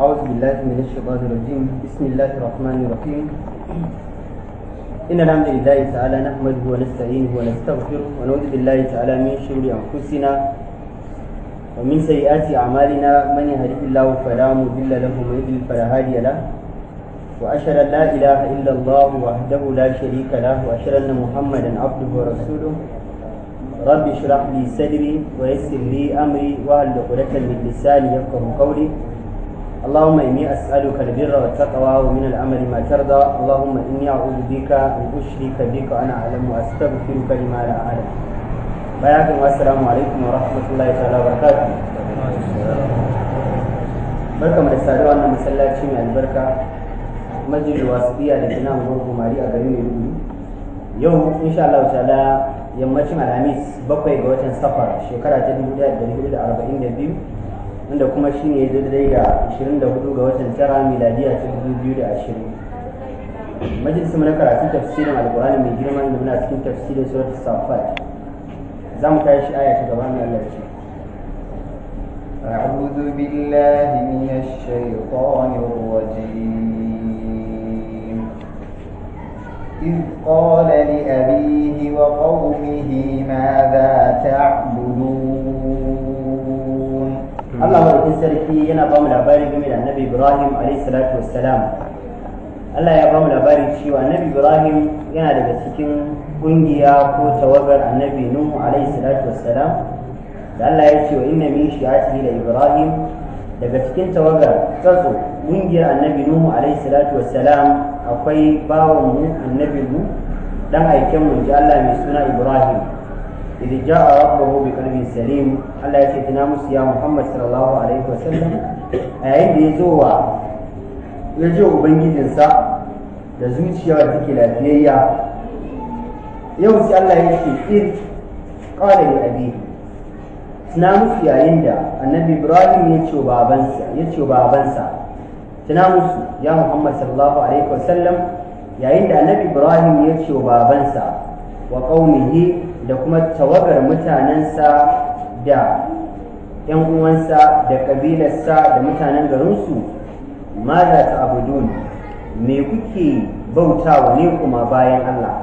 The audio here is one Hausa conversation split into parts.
أعوذ بالله من الشيطان الرجيم بسم الله الرحمن الرحيم إن الحمد لله تعالى نحمده ونستعينه ونستغفره ونعوذ بالله تعالى من شرور أنفسنا ومن سيئات أعمالنا من يهده الله فلا مضل له ومن يضلل فلا هادي له وأشهد أن لا إله إلا الله وحده لا شريك له وأشهد أن محمدا عبده ورسوله رب اشرح لي صدري ويسر لي أمري وأهل عقدة من لساني يفقه قولي اللهم إني أسألك البر والتقوى ومن العمل ما ترضى اللهم إني أعوذ بك أن أشرك بك أنا أعلم وأستغفرك لما لا أعلم بياكم والسلام عليكم ورحمة الله تعالى وبركاته barka mai sadu wannan masallaci mai albarka majid wasiya da kina gurgu mari a garin Maiduguri yau insha Allah ta'ala yammacin alhamis bakwai ga watan safar shekara ta 1442 wanda kuma shi ne daidai ga 24 ga watan tara miladiya ta 2020 majalisun na karatun tafsirin alkurani mai girma inda muna cikin tafsirin surat safat za mu kai shi aya ta gaba mai Allah ce أعوذ بالله من الشيطان الرجيم إذ قال لأبيه وقومه ماذا تعبدون Allah madaukin sarki yana ba mu labari game da Annabi Ibrahim alayhi salatu wassalam Allah ya ba mu labari cewa Annabi Ibrahim yana daga cikin ƙungiya ko tawagar Annabi Nuhu alayhi salatu wassalam da Allah ya ce wa inna min shi'ati da Ibrahim daga cikin tawagar tsatso kungiyar Annabi Nuhu alayhi salatu wassalam akwai bawanmu mu Annabi mu. dan aiken mu ji Allah mai suna Ibrahim إذ جاء ربه بقلب salim allah ya ce tana musu ya muhammad sallallahu alaihi يزوى يجوى yayin da zuciya da take lafiyayya yau sai Allah ya ce in qala li abi musu yayin da annabi Ibrahim ya ce babansa ya ce babansa tana musu ya Muhammad sallallahu alaihi wasallam yayin da annabi Ibrahim ya ce babansa wa qaumihi da kuma tawagar mutanensa da ‘yan uwansa da ƙabilarsa da mutanen garinsu ma za ta abudun me kuke bautawa ne kuma bayan Allah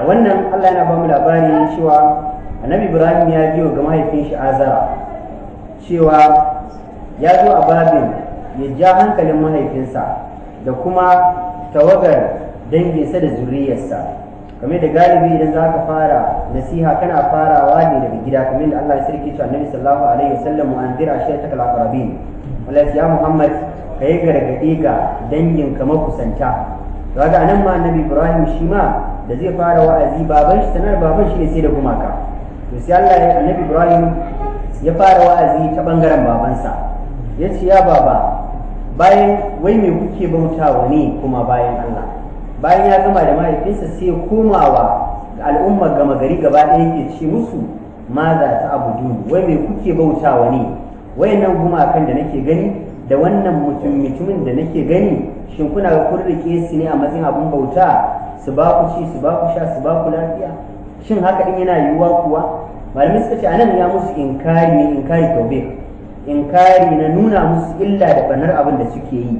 a wannan Allah yana bamu labari cewa annabi Ibrahim ya biyo ga mahaifin shi Azara cewa ya zo a babin ya ja hankalin mahaifinsa da kuma tawagar danginsa da zuriyarsa kamar da galibi idan za ka fara nasiha kana farawa ne daga gida kamar da Allah ya sarki shi annabi sallallahu alaihi wasallam mu'anzir ashirata kal aqrabin wallahi ya muhammad kai gargadi ga dangin ka makusanta kaga anan ma annabi ibrahim shi ma da zai fara wa'azi baban shi sanar baban shi ne sai da gumaka to sai Allah ya annabi ibrahim ya fara wa'azi ta bangaren babansa ya ce ya baba bayan wai me kuke bautawa ne kuma bayan Allah bayan ya gama da mahaifinsa sai komawa ga al'ummar gama gari gaba ɗaya yake ce musu ma za ta abu wai mai kuke bautawa ne wayannan gumakan da nake gani da wannan mutum mutumin da nake gani shin kuna ga kun rike su ne a matsayin abin bauta su ba ku ci su ba ku sha su ba ku lafiya shin haka din yana yiwuwa kuwa malamai suka ce anan ya musu inkari ne inkari taube inkari na nuna musu illa da banar abin da suke yi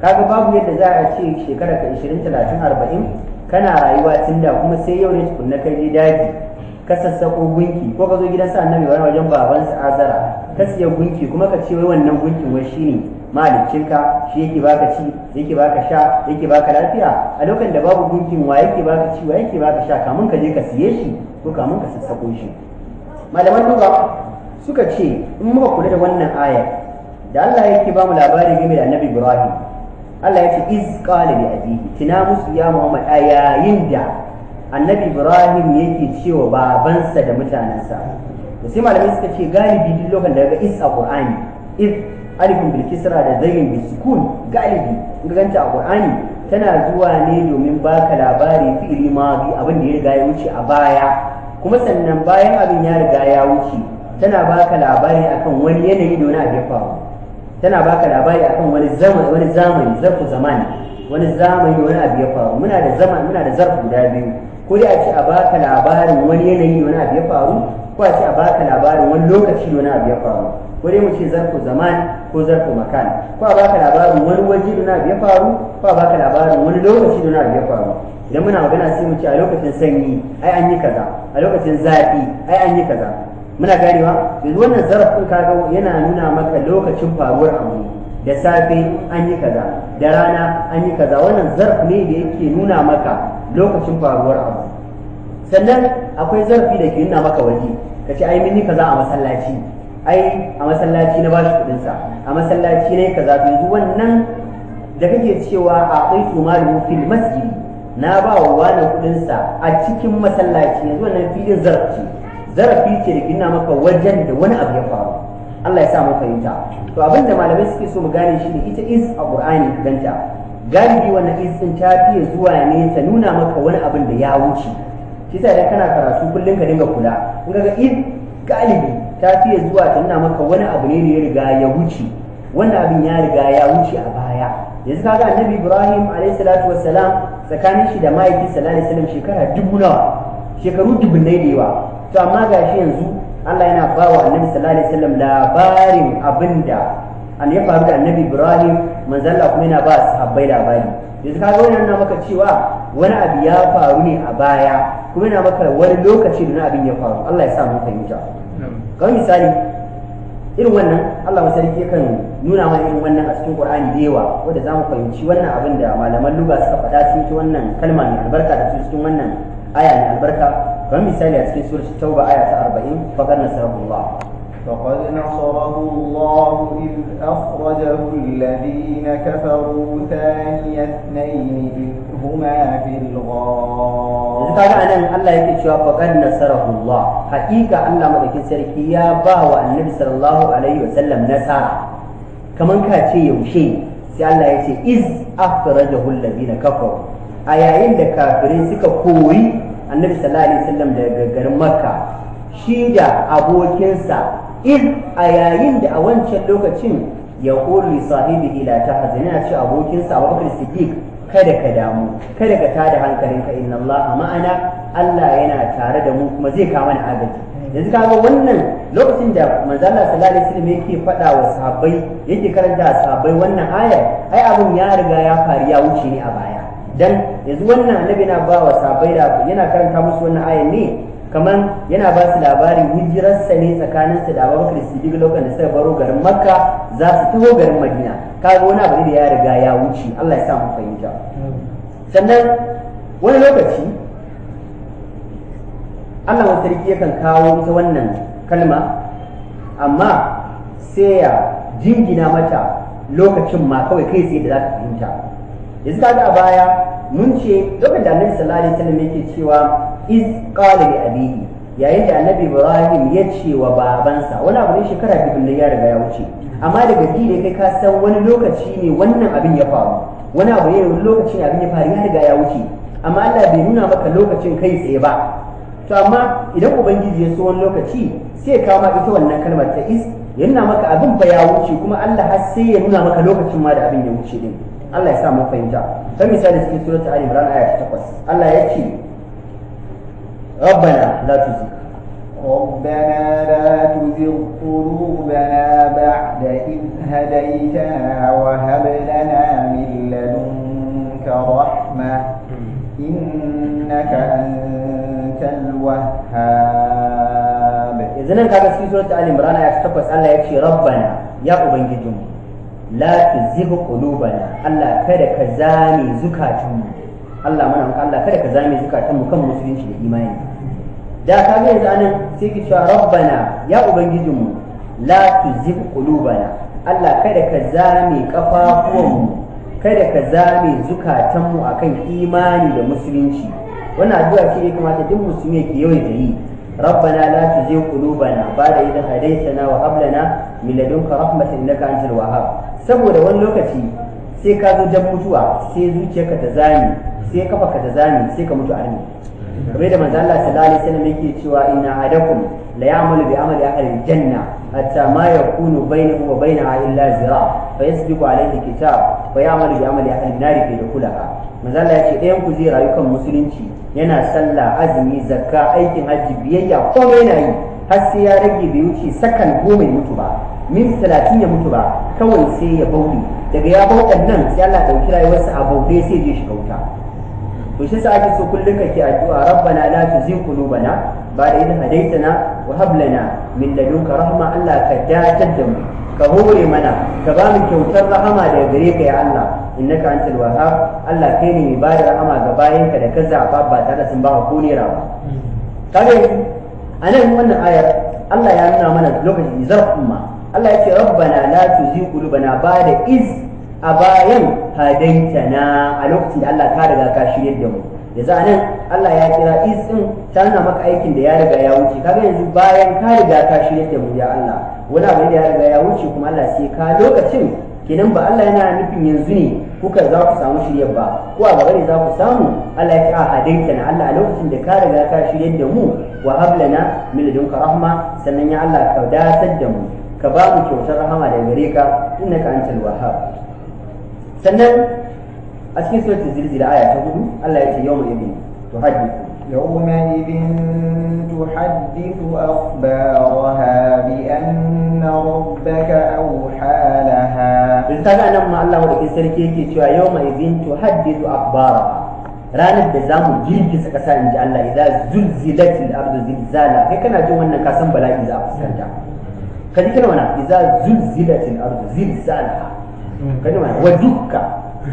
kaga babu yadda za a ce shekara ka 20 30 40 kana rayuwa tunda kuma sai yau ne tukunna kai ji daji ka sassako gunki ko ka zo gidan sa annabi wani wajen baban sa azara ka siya gunki kuma ka ce wai wannan gunkin wai shine ka shi yake baka ci yake baka sha yake baka lafiya a lokacin da babu gunkin wa yake baka ci wa yake baka sha kamun ka je ka siye shi ko kamun ka sassako shi malaman duba suka ce in muka kula da wannan ayar da Allah yake ba mu labari game da annabi Ibrahim Allah ya ce iz qala li abihi tina musu ya Muhammad a yayin da annabi Ibrahim yake cewa babansa da mutanensa to sai malamai suka ce galibi duk lokacin da ga is a Qur'ani iz alifin bil kisra da zayin bil sukun galibi in ganta a Qur'ani tana zuwa ne domin baka labari fi'ili bi abin da ya riga ya wuce a baya kuma sannan bayan abin ya riga ya wuce tana baka labari akan wani yanayi da wani abu ya faru tana baka labari akan wani zamani wani zamani zarfu zamani wani zamani wani abu ya faru muna da zaman muna da zarfu guda biyu ko dai a ce a baka labarin wani yanayi wani abu ya faru ko a ce a baka labarin wani lokaci wani abu ya faru ko dai mu ce zarfu zaman ko zarfu makan ko a baka labarin wani waje wani abu ya faru ko a baka labarin wani lokaci wani abu ya faru idan muna magana sai mu ce a lokacin sanyi ai an yi kaza a lokacin zafi ai an yi kaza muna ganewa yanzu wannan zarafin kaga yana nuna maka lokacin faruwar abu da safe an yi kaza da rana an yi kaza wannan zarf ne da yake nuna maka lokacin faruwar abu sannan akwai zarafi da ke nuna maka waje ka ce ai mini kaza a masallaci ai a masallaci na bashi kudin sa a masallaci ne kaza yanzu wannan da kake cewa a aitu malu fil masjid na ba wa wani kudin sa a cikin masallaci yanzu wannan filin zarafi. zarafi ce da gina maka wajen da wani abu ya faru Allah ya sa mu fahimta to abin da malamai suke so mu gane shi ne ita is a Qur'ani ganta galibi wannan is din ta fiye zuwa ne ta nuna maka wani abin da ya wuce shi sa kana karatu kullum ka dinga kula in ga is galibi ta fiye zuwa ta nuna maka wani abu ne da ya riga ya wuce wannan abin ya riga ya wuce a baya yanzu kaga annabi Ibrahim alayhi salatu wassalam tsakanin shi da mahaifi sallallahu alaihi wasallam shekara dubu nawa shekaru ne da yawa to amma ga shi yanzu Allah yana ba wa annabi sallallahu alaihi wasallam labarin abinda an ya faru da annabi Ibrahim manzo Allah kuma yana ba sahabbai labari yanzu ga wannan na maka cewa wani abu ya faru ne a baya kuma yana maka wani lokaci da abin ya faru Allah ya sa mu fahimta kamar misali irin wannan Allah masarki yakan nuna mana irin wannan a cikin Qur'ani da yawa wanda zamu fahimci wannan abin da malaman lugha suka faɗa cikin wannan kalma mai albarka da cikin wannan aya mai albarka kamar misali a cikin surat tauba aya ta 40 faqad nasarahu فقد نصره الله إذ أخرجه الذين كفروا ثاني اثنين إذ هما في الغار kaga anan Allah yake cewa faqad nasarahu Allah haƙiƙa Allah madaukin sarki ya ba wa Annabi sallallahu alaihi wasallam nasara kaman ka ce yaushe sai Allah ya ce iz akhrajahu alladhina kafaru a yayin da kafirai suka koyi annabi sallallahu alaihi wasallam daga garin makka shi da abokinsa in a yayin da a wancan lokacin ya kori sahibi ila ta hazin yana ce abokinsa abubakar siddiq kada ka damu kada ka tada hankalinka inna a ma'ana allah yana tare da mu kuma zai kama mana agaji yanzu kaga wannan lokacin da manzala sallallahu alaihi wasallam yake faɗa wa sahabbai yake karanta sahabbai wannan ayar ai abin ya riga ya faru ya wuce ne a baya dan yanzu wannan annabi yana ba wa sabai da yana karanta musu wannan ayan ne kamar yana ba su labarin hijirarsa ne tsakanin su da Abubakar Siddiq lokacin da suka baro garin Makka za su taho garin Madina kaga wani abu da ya riga ya wuce Allah ya sa mu fahimta sannan wani lokaci Allah wa sarki yakan kawo ita wannan kalma amma sai ya jingina mata lokacin ma kawai kai sai da za ka fahimta yanzu kaga a baya mun ce lokacin da annabi sallallahu alaihi wasallam yake cewa iz qala li abihi yayin da annabi ibrahim ya ce wa babansa wani abu ne shekara biyu da ya riga ya wuce amma daga ji da kai ka san wani lokaci ne wannan abin ya faru wani abu ne wani lokaci ne abin ya faru ya riga ya wuce amma Allah bai nuna maka lokacin kai tsaye ba to amma idan ubangiji ya so wani lokaci sai ya kawo ita wannan kalmar ta is ya nuna maka abin ba ya wuce kuma Allah har sai ya nuna maka lokacin ma da abin ya wuce din Allah ya sa mun fahimta kan misali cikin suratul ali imran aya 8 Allah ya ce rabbana la tuzigh ربنا لا تزغ قلوبنا بعد إذ هديتنا وهب لنا من لدنك رحمة إنك أنت الوهاب إذن كان في سورة آل عمران آية 8 الله يكفي ربنا يا أبن جدهم la tuzigh qulubana Allah kada ka zame zukatun mu Allah mana Allah kada ka zame zukatun mu kan musulunci da imani da ka ga yanzu anan sai ki cewa rabbana ya mu la tuzigh qulubana Allah kada ka zame mu kada ka zame zukatun mu akan imani da musulunci wannan addu'a ce ya kamata duk musulmi ke yawan yi ربنا لا تزغ قلوبنا بعد إذ هديتنا وهب لنا من لدنك رحمة إنك أنت الوهاب saboda wani lokaci sai ka zo jan mutuwa sai zuciyarka ta zame sai ka ta zame sai ka mutu arni kamar da manzo Allah sallallahu alaihi wasallam yake cewa inna ahadakum la ya'malu bi amali ahli janna hatta ma yakunu bainahu wa bainaha illa zira fa yasbiqu alayhi kitab fa ya'malu bi amali ahli nari fi dukhulaha manzo Allah yace ɗayan ku zai rayu kan musulunci yana sallah azumi zakka aikin hajji biyayya komai yana yi har sai ya rage bai wuce sakan goma ya mutu ba min talatin ya mutu ba kawai sai ya bauɗe daga ya bauɗan nan sai Allah ɗauki rayuwarsa a bauɗe sai je shiga bauta to shi sa ake so kullum ke addu'a rabbana la tuzigh qulubana ba'da idh hadaytana wa hab lana min ladunka rahma Allah ka datar da mu ka hore mana ka ba mu kyautar rahama daga gare ka ya Allah innaka antal wahhab Allah kai ne mai ba da rahama ga bayanka da ka zaba ba tare da sun ba ko naira ba. kare anan wannan ayar Allah ya nuna mana lokacin zarfin ma Allah ya ce rabbana la tuzigh qulubana ba'da iz a bayan hadaitana a lokacin da Allah ka riga ka shirye da mu da a nan Allah ya kira is ta nuna maka aikin da ya riga ya wuce kaga yanzu bayan ka riga ka shirye da mu ya Allah wani abu da ya riga ya wuce kuma Allah sai ka lokacin kenan ba Allah yana nufin yanzu ne kuka za ku samu shiryar ba ko a gaba ne za ku samu Allah ya ce a hadaitana Allah a lokacin da ka riga ka shirye da mu wa hablana min ladunka rahma sannan ya Allah ka datar da mu ka ba mu kyautar rahama da gare ka innaka antal wahhab sannan a cikin suratul zilzila aya ta hudu Allah ya ce yawma idin tuhaddisu yawma idin tuhaddisu akhbaraha bi anna rabbaka awha laha in ta ga nan ma Allah wanda sarki yake cewa yawma idin tuhaddisu akhbaraha ranar da zamu mu girgiza ƙasa in ji Allah idan zulzilatil ardu zilzala kai kana jin wannan kasan bala'i za a fuskanta kadi kana mana idza zulzilatil ardu zilzalha kadi mana wa dukka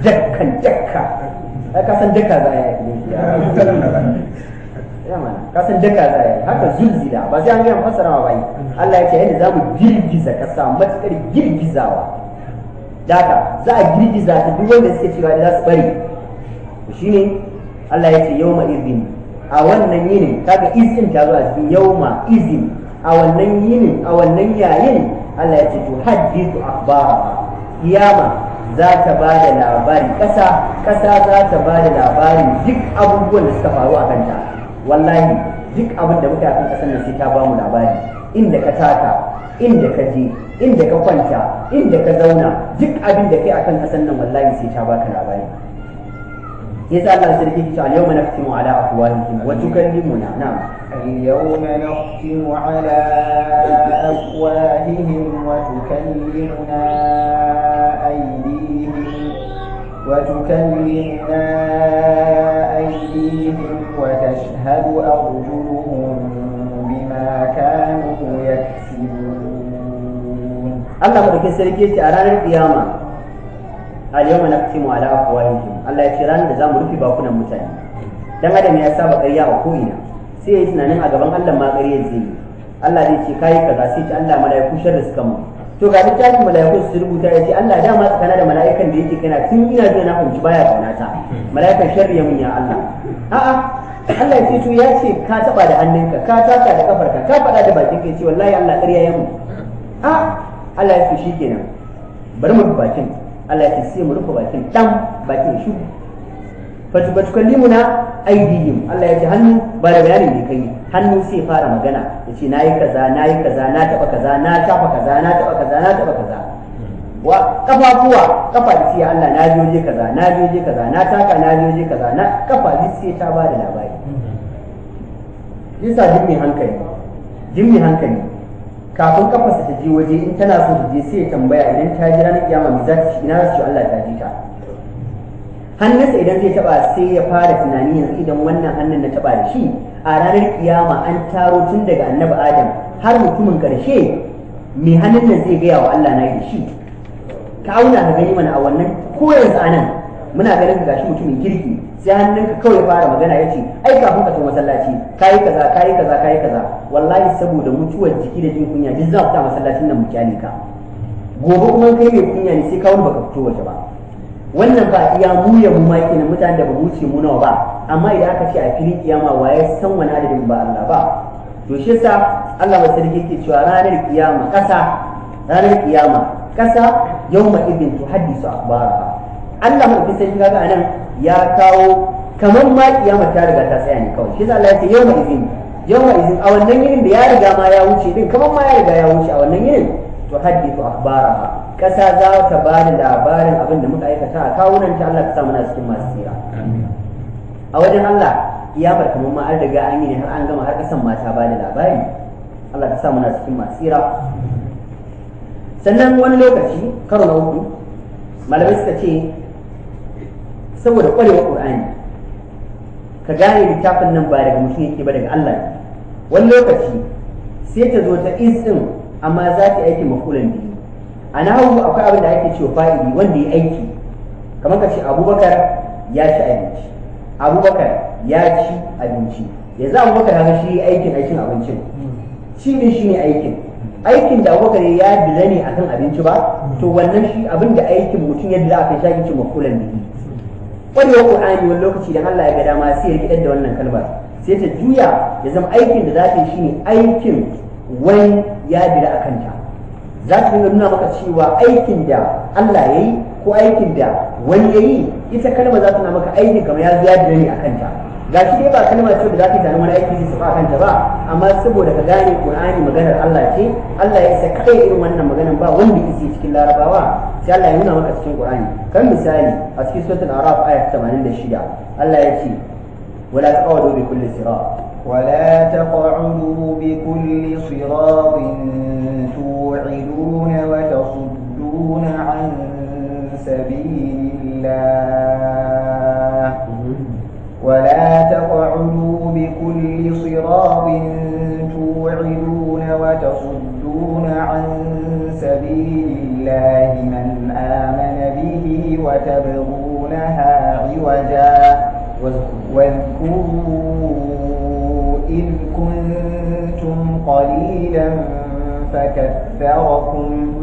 dakkan dakka ka san dakka za ya yi ya mana ka san dakka za ya yi haka zulzila ba sai an ga fassara ba bai Allah ya ce yadda zamu girgiza sa matakar girgizawa daga za a girgiza ta duk wanda suke cewa za su bari shine Allah ya ce yawma izin a wannan yinin kaga izin ta zo a cikin yawma izin a wannan yinin a wannan yayin Allah ya ce to hadithu akhbara kiyama za ta ba da labari ƙasa ƙasa za ta ba da labarin duk abubuwan da suka faru a kanta wallahi duk abin da muka kan ƙasar nan sai ta ba mu labari inda ka taka inda ka je inda ka kwanta inda ka zauna duk abin da kai akan ƙasar nan wallahi sai ta ba ka labari يسأل الله سيركي اليوم نختم على أفواههم وتكلمنا نعم اليوم نختم على أفواههم وتكلمنا أيديهم وتكلمنا أيديهم وتشهد أرجلهم بما كانوا يكسبون الله بركة سيركي على القيامة al na kusimu ala afwahihim Allah ya ce ranar da zamu rufe bakunan mutane dan adam ya saba karya a ko'ina sai ya yi tunanin a gaban Allah ma ƙarya zai yi Allah zai ce ka kaza sai ce Allah malaiku da suka mu to ga littafin mala'iku su rubuta ya ce Allah da dama tsakana da malaikan da yake kana tun ina zai na fahimci baya kauna ta malaikan sharri ya mun ya Allah a'a Allah ya ce to ya ce ka taba da hannunka ka taka da kafarka ka faɗa da bakin ka ya ce wallahi Allah ƙarya ya mu a Allah ya ce shikenan bari mu bakin Allah ya sai mu rufe bakin dan bakin shi fatu kallimuna aidihim Allah ya ji hannu ba da bayanin da kai hannu sai fara magana ya ce nayi kaza nayi kaza na taba kaza na taba kaza na taba kaza na taba kaza wa kafafuwa kafa ce Allah na joje kaza na joje kaza na taka na joje kaza na kafa ji sai ta ba da labari mm-hmm. yasa jimmi hankali jimmi hankali kafin kafarsa ta je waje in tana so ta je sai ya tambaya idan ta ji ranar kiyama me za ta ci ina za Allah ta ji ta hannunsa idan zai taba sai ya fara tunani yanzu idan wannan hannun na taba da shi a ranar kiyama an taro tun daga annabi adam har mutumin karshe me hannun nan zai gaya wa Allah na yi da shi ka auna ka gani mana a wannan ko yanzu muna ganin ka gashi mutumin kirki sai hannun ka kawai fara magana ya ce, ai kafin ka tafi masallaci kai kaza kai kaza kai kaza wallahi saboda mutuwar jiki da jin kunya duk za ku ta masallacin nan mu kyale ka gobe kuma kai mai kunya ne sai kawai baka fito waje ba wannan ba iya mu ya mu ma kenan mutanen da ba mu ce mu nawa ba amma idan aka ce a fili kiyama waye san wani adadin ba Allah ba to shi yasa Allah mai sarki yake cewa ranar kiyama kasa ranar kiyama kasa yawma idin tuhaddisu akhbaraha Allah mu sai kaga anan ya kawo kamar ma kiyama ta riga ta tsaya ne kawai shi yasa Allah ya ce yawma izin yawma izin a wannan yinin da ya riga ma ya wuce din kamar ma ya riga ya wuce a wannan yinin to hadithu akhbaraha kasa za ta ba da labarin abin da muka aikata a kawunan ta Allah ta sa muna cikin masu tsira a wajen Allah kiyamar kamar ma an riga an yi ne har an gama har kasan mata ba da labari Allah ta sa muna cikin masu tsira sannan wani lokaci karo na uku malamai suka ce saboda kwarewa qur'ani ka gane littafin nan ba daga mutum yake ba daga Allah wani lokaci sai ta zo ta izin amma za ta aiki makulan biyu a nahu akwai abin da ake cewa fa'ili wanda ya aiki kamar ka ce abubakar ya ci abinci abubakar ya ci abinci ya za abubakar haka shi aikin aikin abincin shi ne shi ne aikin aikin da abubakar ya dila ne akan abinci ba to wannan shi abin da aikin mutum ya dila a kai shi ake cewa makulan biyu ƙwarewar ƙur'ani wani lokaci da Allah ya ga dama sai ya rikidar da wannan kalmar sai ta juya ya zama aikin da za ta yi shine aikin wani ya bira a kanta za ta nuna maka cewa aikin da Allah ya yi ko aikin da wani ya yi ita kalmar za ta na maka aikin kamar ya zo ya bira ne a kanta ga shi dai ba kalma ce da za ta tare wani aiki su ba kanta ba amma saboda ka gane qur'ani maganar Allah ce Allah ya isa kai irin wannan maganar ba wanda yake cikin larabawa sai Allah ya nuna maka cikin qur'ani kan misali a cikin suratul araf aya 86 Allah ya ce wala taqawdu bi kulli sirat ولا تقعدوا بكل صراط توعدون وتصدون عن سبيل الله ولا تقعدوا بكل صراط توعدون وتصدون عن سبيل الله من آمن به وتبغونها عوجا واذكروا إذ كنتم قليلا فكثركم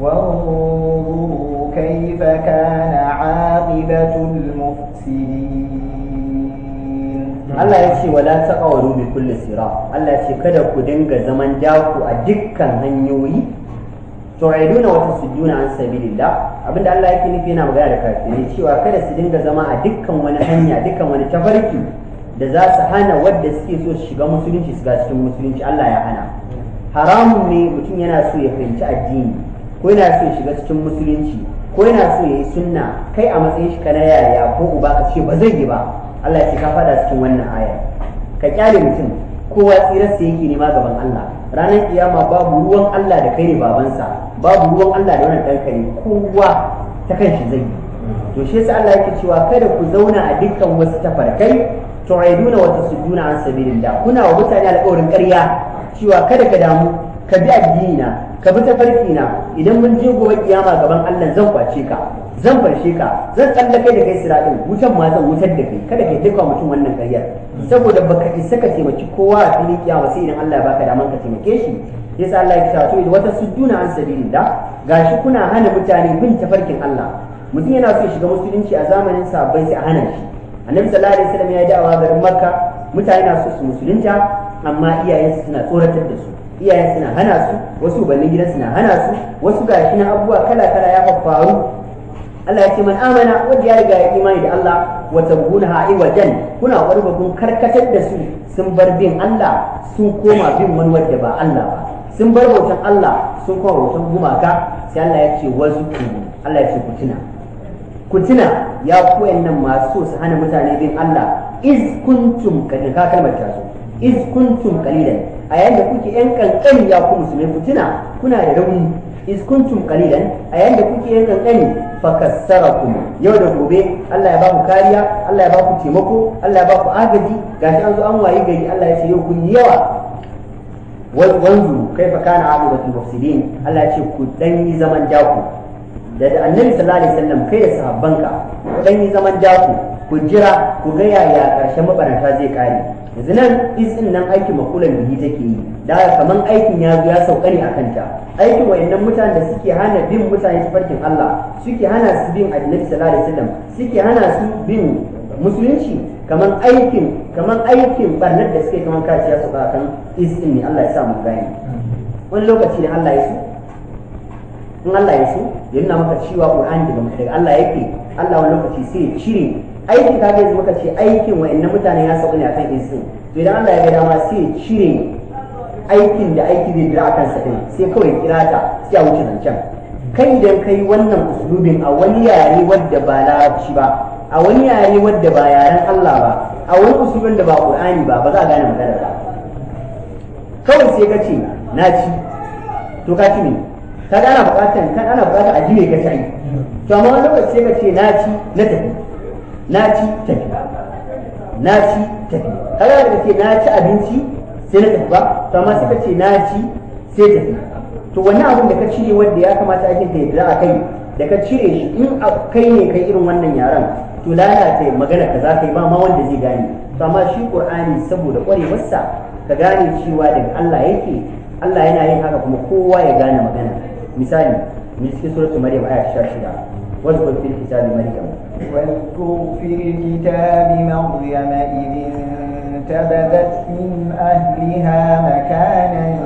وانظروا كيف كان عاقبة Allah ya ce wala taqawlu bi kulli sirat Allah ya ce kada ku dinga zaman jaku a dukkan hanyoyi tu'iduna wa juna an sabilillah abinda Allah yake nufi yana magana da kafirai cewa kada su dinga zama a dukkan wani hanya dukkan wani tafarki da za su hana wadda suke so su shiga musulunci su ga cikin musulunci Allah ya hana haramun ne mutum yana so ya fahimci addini ko yana so ya shiga cikin musulunci ko yana so ya yi sunna kai a matsayin shi kana yaya ko uba ka ce ba zai yi ba Allah ya ce ka fada cikin wannan aya ka kyale mutum kowa tsirarsa yake nema gaban Allah ranar kiyama babu ruwan Allah da kai ne babansa babu ruwan Allah da wannan dan kare kowa ta shi zai to shi yasa Allah yake cewa kada ku zauna a dukkan wasu tafarkai tu'aiduna wa tasudduna an sabilillah kuna wa mutane alƙawarin ƙarya cewa kada ka damu ka bi addini na ka bi tafarki na idan mun je gobe kiyama gaban Allah zan kwace ka zan farshe ka zan tsallake da kai siratin wutan ma zan wutar da kai kada kai duka mutum wannan karyar saboda baka isa ka taimaki kowa a filin kiyama sai idan Allah ya baka daman ka taimake shi yasa Allah ya kisa to idan wata sujjuna an da gashi kuna hana mutane bin tafarkin Allah mutum yana so ya shiga musulunci a zamanin sahabbai sai a hana shi annabi sallallahu alaihi wasallam ya da'awa garin makka mutane na so su musulunta amma iyayensu suna tsoratar da su iyayen suna hana su wasu ubannin gidan suna hana su wasu gashi na abubuwa kala kala ya faru Allah ya ce man amana wanda ya riga ya imani da Allah wa ha'i, wajen kuna warba kun karkatar da su sun bar bin Allah sun koma bin wani wanda ba Allah ba sun bar bautan Allah sun koma bautan gumaka sai Allah ya ce wasu Allah ya ce ku tuna ku tuna ya ku nan masu su hana mutane bin Allah iz kuntum kadin ka kalmar ta zo iz kuntum qalilan a yayin da kuke yan kankan ya ku musulmai ku tuna kuna da rauni iz kuntum qalilan a yanda kuke yin kankani fakassarakum yau da gobe Allah ya ba ku kariya Allah ya ba ku taimako Allah ya ba ku agaji gashi an zo an wayi gari Allah ya ce yau kun yi yawa wanzu kaifa kana aqibatul mufsidin Allah ya ce ku dan yi zaman jaku da annabi sallallahu alaihi wasallam kai da sahabban ka dan yi zaman jaku ku jira ku ga yaya karshen mabarata zai kare yanzu nan izin nan aikin makulan bihi take yi da kaman aikin ya zo ya sauka ne a ta aikin wayannan mutanen da suke hana bin mutane tafarkin Allah suke hana su bin annabi sallallahu alaihi wasallam suke hana su bin musulunci kaman aikin kaman aikin barnar da suke kaman kaci ya sauka kan izin ne Allah ya sa mu gane wani lokaci ne Allah ya so in Allah ya so ya nuna maka cewa Qur'ani daga Allah yake Allah wani lokaci sai ya cire aikin ka yanzu muka ce aikin wa inna mutane ya sauka ne kan izini to idan Allah ya ga dama sai cire aikin da aiki zai a akan sa din sai kawai kira ta sai a wuce zancen kai idan kai wannan uslubin a wani yare wadda ba larabci ba a wani yare wadda ba yaren Allah ba a wani uslubin da ba Qur'ani ba ba za a gane magana ba kawai sai ka ce na ci to ka ci ne ka ana buƙatar ana buƙatar a jire ka ci to amma wani lokaci sai ka ce na ci na tafi na ci tafi na tafi kaga da ce na abinci sai na tafi ba to amma suka ce na sai tafi to wani abin da ka cire wanda ya kamata ake kai da a kai da ka cire shi in kai ne kai irin wannan yaran to lalata magana ka za ka yi ba ma wanda zai gane to amma shi qur'ani saboda kwarewarsa ka gane cewa daga Allah yake Allah yana yin haka kuma kowa ya gane magana misali من suratul maryam aya 16 واذكر في الكتاب Maryam. واذكر في الكتاب مريم إذ انتبذت من أهلها مكانا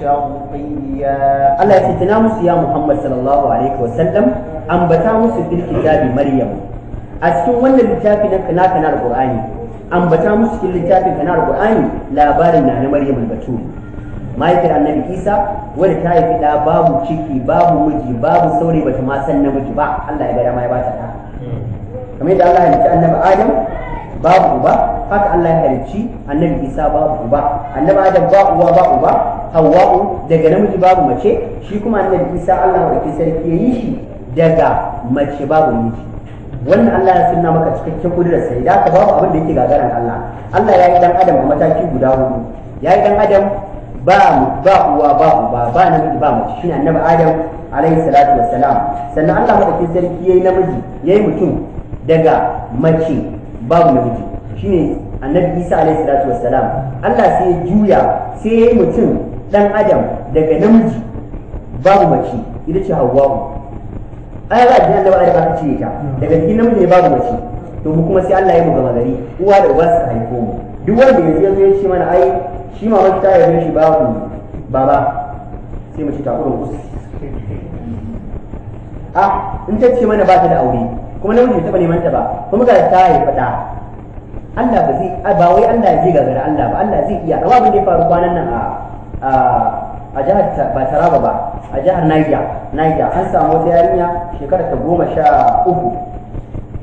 شرقيا الله يتنا مسيا محمد صلى الله عليه وسلم أنبتا مسي في الكتاب مريم أسكن ولا لتافي نكنا كنا القرآن أنبتا مسي في الكتاب كنا القرآن لا بارنا أنا مريم البتول mahaifiyar annabi isa wadda ta haifi ɗa babu ciki babu miji babu saurayi bata ma san namiji ba allah ya ga dama ya bata ɗa kamar yadda Allah ya halicci annabi Adam babu uba haka Allah ya halicci annabi Isa babu uba annabi Adam ba uwa ba uba Hawwa'u daga namiji babu mace shi kuma annabi Isa Allah wa sarki ya yi shi daga mace babu miji wannan Allah ya sunna maka cikakken kudurarsa da aka babu abin da yake gagaran Allah Allah ya yi dan adam a mataki guda hudu ya yi dan adam ba ba uwa ba uba ba namiji ba mace shi annabi adam alaihi salatu wassalam sannan Allah madaukin sarki yayi namiji yayi mutum daga mace babu namiji shine annabi isa alaihi salatu wassalam Allah sai juya sai ya yi mutum dan adam daga namiji babu mace ita ce hawwa'u ai ba jin Allah ba ka cire ta daga cikin namiji ne babu mace to mu kuma sai Allah ya mu gama gari uwa da uba su haifo mu duk wanda ya zo ya ce mana ai shi ma wata ta yabe shi babu baba sai mu ci takurin kusa a ah, in ta ce mana ba ta da aure kuma namiji taba neman ta ba kuma ga ta yi fada Allah ba zai ba wai Allah zai gagara Allah ba Allah zai iya kawai abin da ya faru kwanan nan a a jihar ba Taraba ba a jihar Niger Niger an samu wata yarinya shekara ta goma sha uku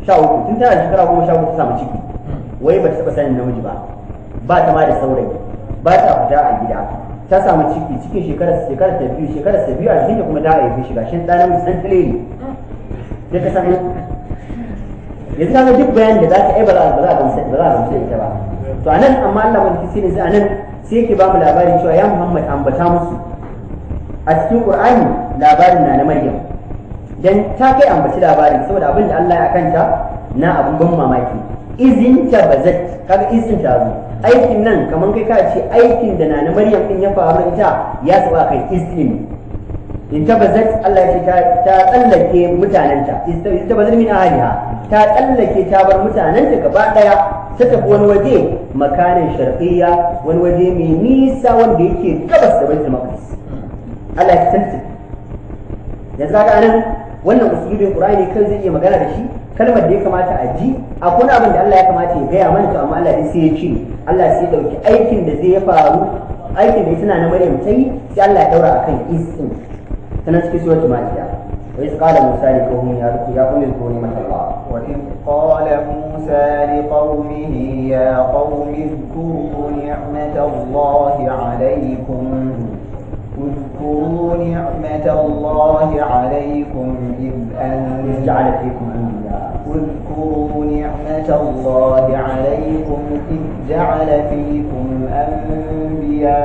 sha uku tun tana shekara goma sha uku ta samu ciki wai ba ta taba sanin namiji ba ba ta ma da saurayi ba ta fita a gida ta samu ciki cikin shekarar shekarar ta biyu shekarar ta biyu a jikin kuma ta haifi yi shiga shin ɗan namiji san tile ne da ta samu yanzu kaga duk bayanin da zaka ai ba za ba za gamsa ba ita ba to anan amma Allah mun ci ne anan sai yake ba mu labarin cewa ya Muhammad ambata musu a cikin Qur'ani labarin na na Maryam dan ta kai ambaci labarin saboda abin da Allah ya kanta na abun ban mamaki izin ta bazat kaga izin ta zo aikin nan kamar kai ka ce aikin da na na Maryam din ya faru ita ya saba kai izini In intabazat Allah ce ta tsallake mutanenta intabazat min ahliha ta tsallake ta bar mutanenta gaba daya ta tafi wani waje makanin sharqiyya wani waje mai nisa wanda yake gabas da baitul maqdis Allah ya tsanta yanzu kaga anan wannan usulubin qur'ani kan zai iya magana da shi kalmar da ya kamata a ji a kuna abin da Allah ya kamata ya gaya mana to amma Allah sai ya ce Allah sai ya dauki aikin da zai faru aikin da tana na Maryam ta sai Allah ya daura akan is تنسكي سورة ماجدة وإذ قال موسى لقومه يا قوم اذكروا نعمة الله وإذ قال موسى لقومه يا قوم اذكروا نعمة الله عليكم اذكروا نعمة الله عليكم إذ أنزل جعل فيكم واذكروا نعمة الله عليكم إذ جعل فيكم أنبياء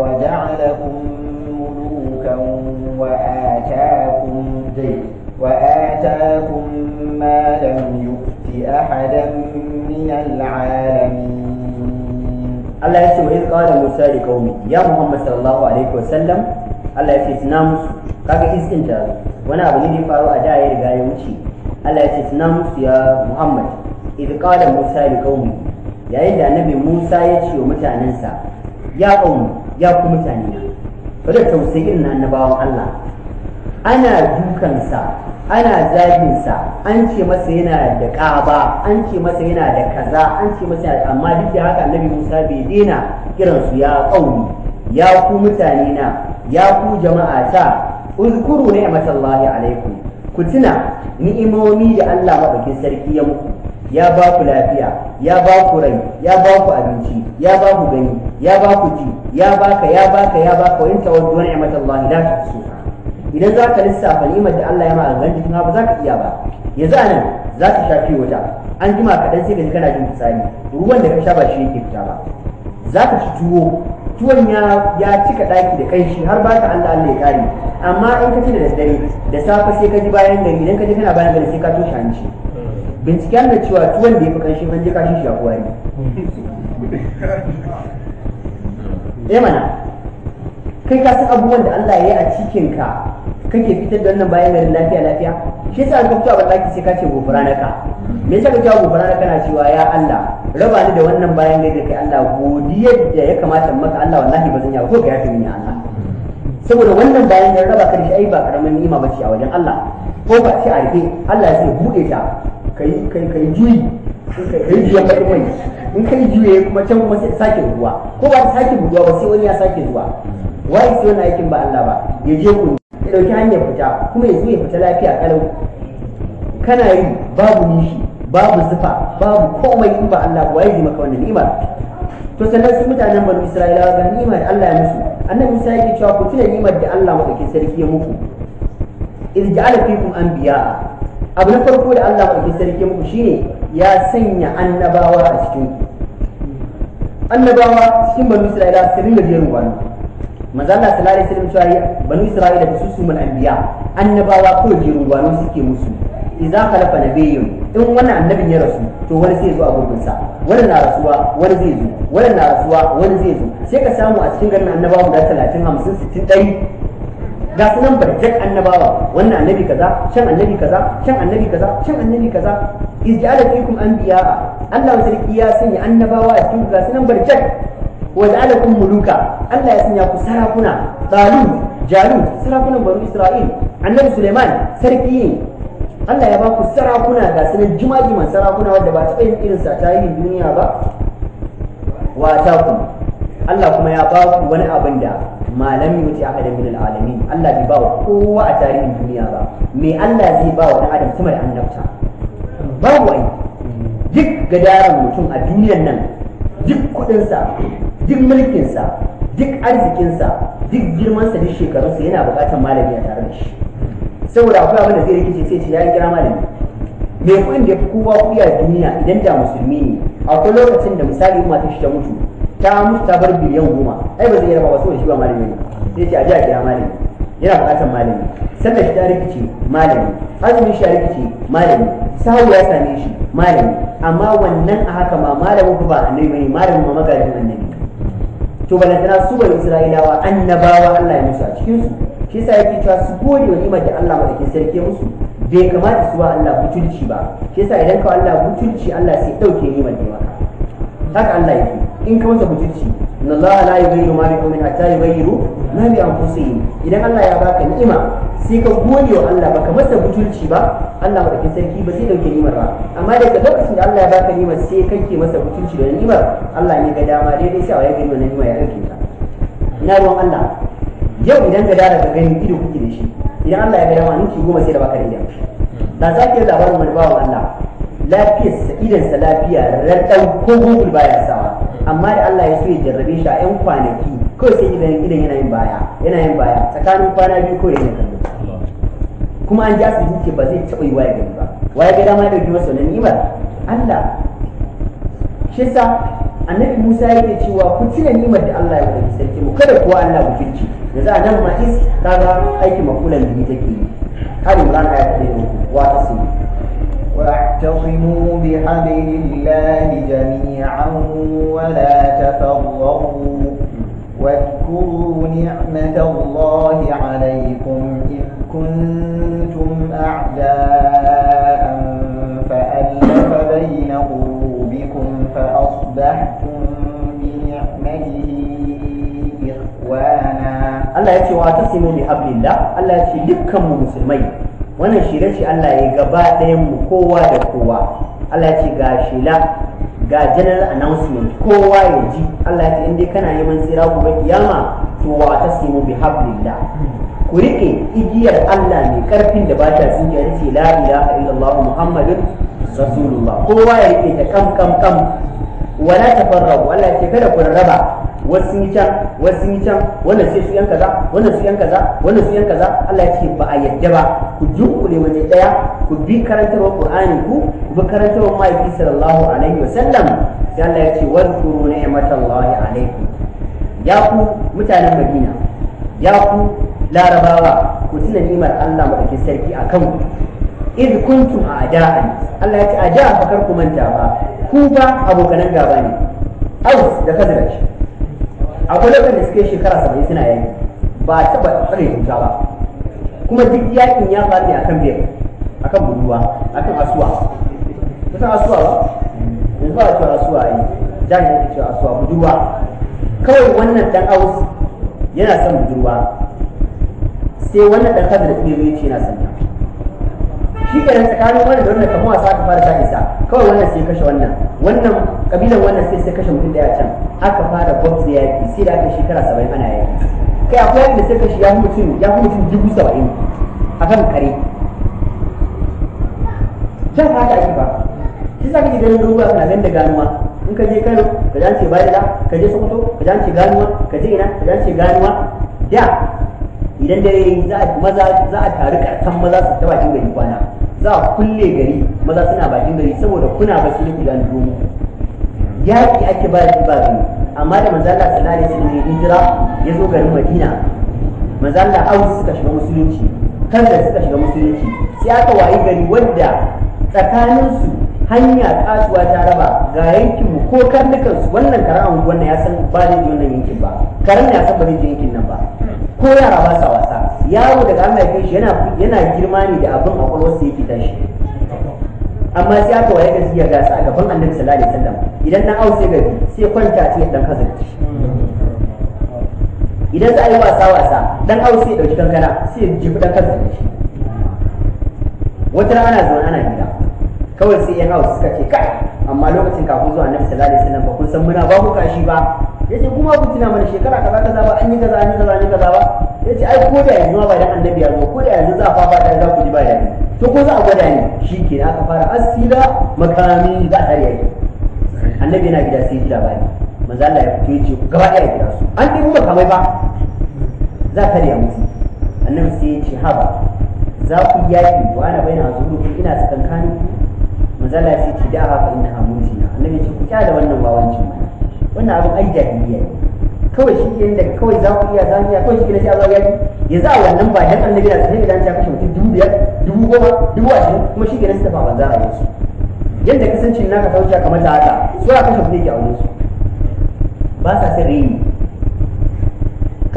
وجعلكم وآتاكم وآتاكم ما لم يؤت أحدا من العالمين الله يسوع إذ قال موسى لقومه يا محمد صلى الله عليه وسلم Allah ya ce tuna musu kaga istinta wani abu ne da ya faru a da ya riga ya wuce Allah ya ce suna musu ya Muhammad idh qala Musa li qaumi yayin da annabi Musa ya ce wa mutanensa ya qaumi ya ku mutane da tausayin na annabawan Allah ana dukansa ana zaginsa an ce masa yana da ƙaba an ce masa yana da kaza an ce masa amma duk da haka annabi Musa bai dena kiransu ya ƙauni ya ku mutane na ya ku jama'a ta uzkuru ni'matallahi alaikum ku tuna ni'imomi da Allah madaukin sarki ya muku ya ba ku lafiya ya ba ku rai ya ba ku abinci ya ba ku gani ya ba ku ji ya ba ka. ya ba ka ya ba baka wa in tawaddu ni'matallahi la tuhsuha idan za ka lissafa ni'imar da Allah ya ma gangan jikin ba za ka iya ba ya a nan za ka shafi wuta an jima kaɗan sai ka ji kana jin fitsari ruwan da ka sha ba shi yake fita ba za ka ci tuwo tuwon ya cika ɗaki da kai shi har ba ka Allah Allah ya kare amma in ka ci da daddare da safe sai ka ji bayan gari idan ka ji kana bayan gari sai ka toshe hanci binciken da cewa tuwon da ya fi kanshi an kashi shi shafuwa ne eh kai ka san abubuwan da Allah ya yi a cikin ka kake fitar da wannan bayan garin lafiya lafiya shi yasa an ka fito a baki sai ka ce gobara na ka me yasa ka cewa gobara na kana cewa ya Allah raba ni da wannan bayan garin da kai Allah godiya da ya kamata maka Allah wallahi ba zan yi ko ka yafi mini Allah saboda wannan bayan garin raba ka da shi ai ba karamin ba ce a wajen Allah ko ba shi a rufe Allah ya ce buɗe ta kai kai kai juyi kai juya baki mai in kai juye kuma can kuma sai sake ruwa ko ba ta sake ruwa ba sai wani ya sake ruwa wai sai wani aikin ba Allah ba ya je ku ya dauki hanyar fita kuma ya zo ya fita lafiya kalau kana yi babu nishi babu zufa babu komai in ba Allah ba wai zai maka wannan ni'ima to sannan su mutanen banu Isra'ilawa ga ni'ima da Allah ya musu annabi Musa yake cewa ku tuna ni'imar da Allah madaukakin sarki ya muku irja'ala fikum anbiya'a abu na farko da Allah mai sarki muku shine ya sanya annabawa a cikin ku annabawa cikin banu isra'ila su da jerin wani manzo Allah sallallahu alaihi wasallam cewa banu isra'ila da su mun anbiya annabawa ko jerin wani suke musu idza khalafa nabiyyun in wannan annabin ya rasu to wani zai zo a sa wani na rasuwa wani zai zo wani na rasuwa wani zai zo sai ka samu a cikin garin annabawa guda 30 50 60 100 ga su nan barjak annabawa wannan annabi kaza can annabi kaza can annabi kaza can annabi kaza izjala fikum anbiya Allah sarki ya sanya annabawa a cikin ga su nan barjak wa ja'alakum muluka Allah ya sanya ku sarakuna Talut jalu sarakunan Banu Isra'il annabi Sulaiman sarki Allah ya ba ku sarakuna ga su nan man sarakuna wanda ba ta yin irin sa ta yi duniya ba wa ta kuma Allah kuma ya ba ku wani abin da malam wuce a min alalamin Allah bai ba wa kowa a tarihin duniya ba me Allah zai ba wa dan adam sama da annabta babu ai duk gadaran mutum a duniyan nan duk kudinsa duk mulkinsa duk arzikinsa duk girmansa duk shekarunsa yana buƙatar malami a tare da shi saboda akwai abin da zai rikice sai ce ya kira malami me kuɗin da ya fi kowa kuɗi a duniya idan da musulmi ne akwai lokacin da misali matan shi ta mutu ta mutu ta bar biliyan goma ai ba zai yarba ba saboda shi ba malami ne sai ce a ji a kira malami yana buƙatar malami sannan shi ta rikice malami azumin shi ya rikice malami sahu ya same shi malami amma wannan a haka ma malamin ba annabi bane malamin ma magajin annabi to balantana su bani isra'ilawa annabawa Allah ya musu a cikin su shi sa yake cewa su gode wa ni'imar da Allah ke sarki musu bai kamata su ba Allah butulci ba shi sa idan ka Allah butulci Allah sai dauke ni'imar da maka haka Allah yake in ka masa mutunci inna allaha la yughayyiru ma biqawmin hatta yughayyiru ma bi anfusihim idan Allah ya baka ni'ima sai ka gode wa Allah baka masa mutunci ba Allah madaukin sarki ba zai dauke ni'imar ba amma daga lokacin da Allah ya baka ni'ima sai kake masa mutunci da ni'imar Allah ne ga dama daidai sai a waya gari wannan ni'ima ya dauke ka ina ruwan Allah yau idan ka dara ka gani ido kuke da shi idan Allah ya ga dama nufi goma sai da baka da da za ka yi labarin wani wa Allah lafiyarsa idansa lafiya rarɗan ko google baya sawa amma da Allah ya so ya jarrabe shi a 'yan kwanaki kawai sai idan idan yana yin baya yana yin baya tsakanin kwana biyu kawai yana kallo kuma an ji asibiti ce ba zai taɓa yi waya gani ba waya gari ma ya ɗauki masa wannan ni'imar Allah shi yasa annabi Musa yake cewa ku cire ni'imar da Allah ya ɗauki sarki mu kada kuwa Allah ku kirci yanzu a nan ma is kaga aiki makulan da take yi har imran ayat 1 wa tasbihu واعتصموا بحبل الله جميعا ولا تفرقوا واذكروا نعمة الله عليكم إذ كنتم أعداء فألف بين قلوبكم فأصبحتم بنعمته إخوانا الله يتي واعتصموا بحبل الله الله يتي لكم مسلمين wannan shila ce Allah ya gaba ɗayan mu kowa da kowa Allah ya ce ga shila ga general announcement kowa ya ji Allah ya ce in dai kana neman tsira gobe kiyama to wa tasimu bi hablillah ku rike igiyar Allah mai karfin da ba ta tsinkiya ta ce la ilaha illallah muhammadun rasulullah kowa ya rike ta kam kam kam wala tafarrabu Allah ya ce kada ku raba wasu sun yi can wasu sun yi can wannan sai su yan kaza wannan su yan kaza wannan su yan kaza Allah ya ce ba a yadda ba ku junkule waje daya ku bi karantarwar Qur'ani ku ku bi karantarwar mahaifi sallallahu alaihi wasallam sai Allah ya ce wadkuru ni'matallahi alaikum ya ku mutanen Madina ya ku larabawa ku tuna nimar Allah madaukakin sarki akan ku iz kuntum a'da'an Allah ya ce a da kar ku manta ba ku ba abokan gaba ne aus da kazarci akwai lokacin da suke shekara saba'in suna yayi ba a taɓa tsare cuta ba kuma duk yakin ya faru ne akan biyar akan buduwa akan asuwa kusan asuwa ba yanzu ba a cewa asuwa yi jami ake cewa asuwa budurwa kawai wannan dan aus yana son budurwa sai wannan dan kadar da ya ce yana son ta shi kenan tsakanin wannan da wannan kamar wasa ta fara sa isa kawai wannan sai kashe wannan wannan kabilan wannan sai sai kashe mutum daya can aka fara bombs ya yi sai da aka shekara saba'in ana yi kai akwai yaki sai kashe ya mutum ya mutum dubu saba'in a kan kare jan haka ake ba shi sa kake ganin dubu kana ganin da ganuwa in ka je kano ka jance bayila ka je sokoto ka jance ganuwa ka je ina ka jance ganuwa ya idan dare za a maza za a taru kartan maza su ta bakin gari kwana za a kulle gari maza suna bakin gari saboda kuna basu su ne ku gani domin yaki ake ba shi ba biyu amma da manzo sallallahu alaihi wasallam ya hijira ya zo garin Madina manzo Allah Aus suka shiga musulunci kanda suka shiga musulunci sai aka wayi gari wanda tsakaninsu hanya kasuwa ta raba ga yankin mu ko karnukan su wannan karan wannan ya san ba zai je wannan yankin ba karan ya san ba zai je yankin nan ba ko yara ba sa wasa yaro daga Allah ya shi yana yana girma ne da abin a kwalwarsa yake tashi amma sai aka waye gari ya gasa a gaban annabi sallallahu alaihi wasallam idan na hausa gari sai kwanta ce dan hazin idan za a yi wasa wasa dan hausa ya dauki kankana sai ya jefi dan hazin wata rana zaune ana gida kawai sai yan hausa suka ce kai amma lokacin kafin zuwa annabi sallallahu alaihi wasallam ba kun san muna ba ku kashi ba yace kuma ku tuna mana shekara kaza kaza ba an yi kaza an yi kaza an yi kaza ba yace ai ko da yanzu ba dan annabi ya zo ko da yanzu za a fafa da za ku ji ba yanzu to ko za a gwada ne shi ke aka fara asila makami za a tare yaki annabi yana gida sai gida bani manzo Allah ya fito yace gaba daya gida su an dimu makamai ba za a tare mutu. annabi sai yace haba za ku yaki wa ana baina azulukum ina tsakankanin ku manzo Allah ya ce da haka inna hamutina annabi ya ce ku da wannan wawancin ba wannan abin ai jahiliya ne kawai shi ke da kawai za ku iya za mu iya kawai shi ke da shi a zo yaki yanzu a wannan ba dan annabi na sanin idan ta kashe mutum dubu biyar dubu goma dubu ashirin kuma shi kenan su tafa banza a wasu yadda kasancin ka sauka kamar ta haka su a kashe kuɗi ke a su ba sa sai rini